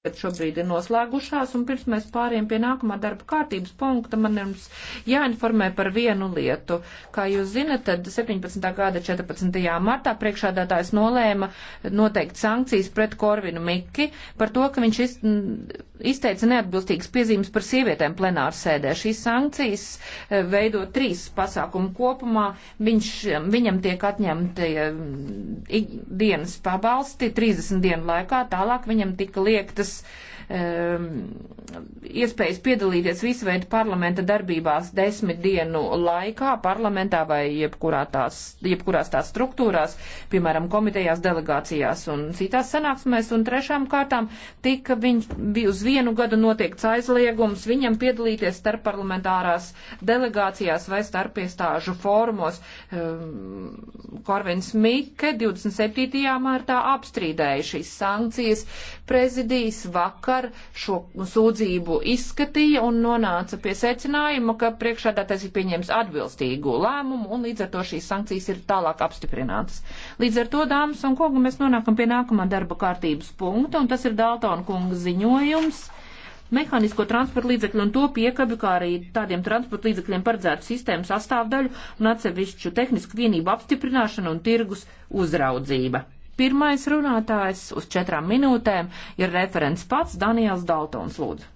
bet šobrīd ir noslēgušās, un pirms mēs pāriem pie nākamā darba kārtības punkta, man jums jāinformē par vienu lietu. Kā jūs zinat, tad 17. gada 14. martā priekšādātājs nolēma noteikt sankcijas pret Korvinu Miki par to, ka viņš izteica neatbilstīgas piezīmes par sievietēm plenāru sēdē. Šīs sankcijas e, veido trīs pasākumu kopumā. Viņš, viņam tiek atņemti e, dienas pabalsti 30 dienu laikā, tālāk viņam tika liektas jaunas um, ehm, iespējas piedalīties visu veidu parlamenta darbībās desmit dienu laikā parlamentā vai jebkurā tās, jebkurās tās struktūrās, piemēram, komitejās, delegācijās un citās sanāksmēs. Un trešām kārtām tika viņš uz vienu gadu notiekts aizliegums viņam piedalīties starp parlamentārās delegācijās vai starp iestāžu fórumos. Um, Korvins Mike 27. martā apstrīdēja šīs sankcijas. Prezidijas vakar šo sūdzību izskatīja un nonāca pie secinājuma, ka priekšādātais ir pieņēmis atbilstīgu lēmumu un līdz ar to šīs sankcijas ir tālāk apstiprinātas. Līdz ar to, dāmas un kungi, mēs nonākam pie nākamā darba kārtības punkta un tas ir Daltona kunga ziņojums mehānisko transporta līdzekļu un to piekabi, kā arī tādiem transporta līdzekļiem paredzētu sistēmu sastāvdaļu un atsevišķu tehnisku vienību apstiprināšana un tirgus uzraudzība. Pirmais runātājs uz četrām minūtēm ir referents pats Daniels Daltons, lūdzu.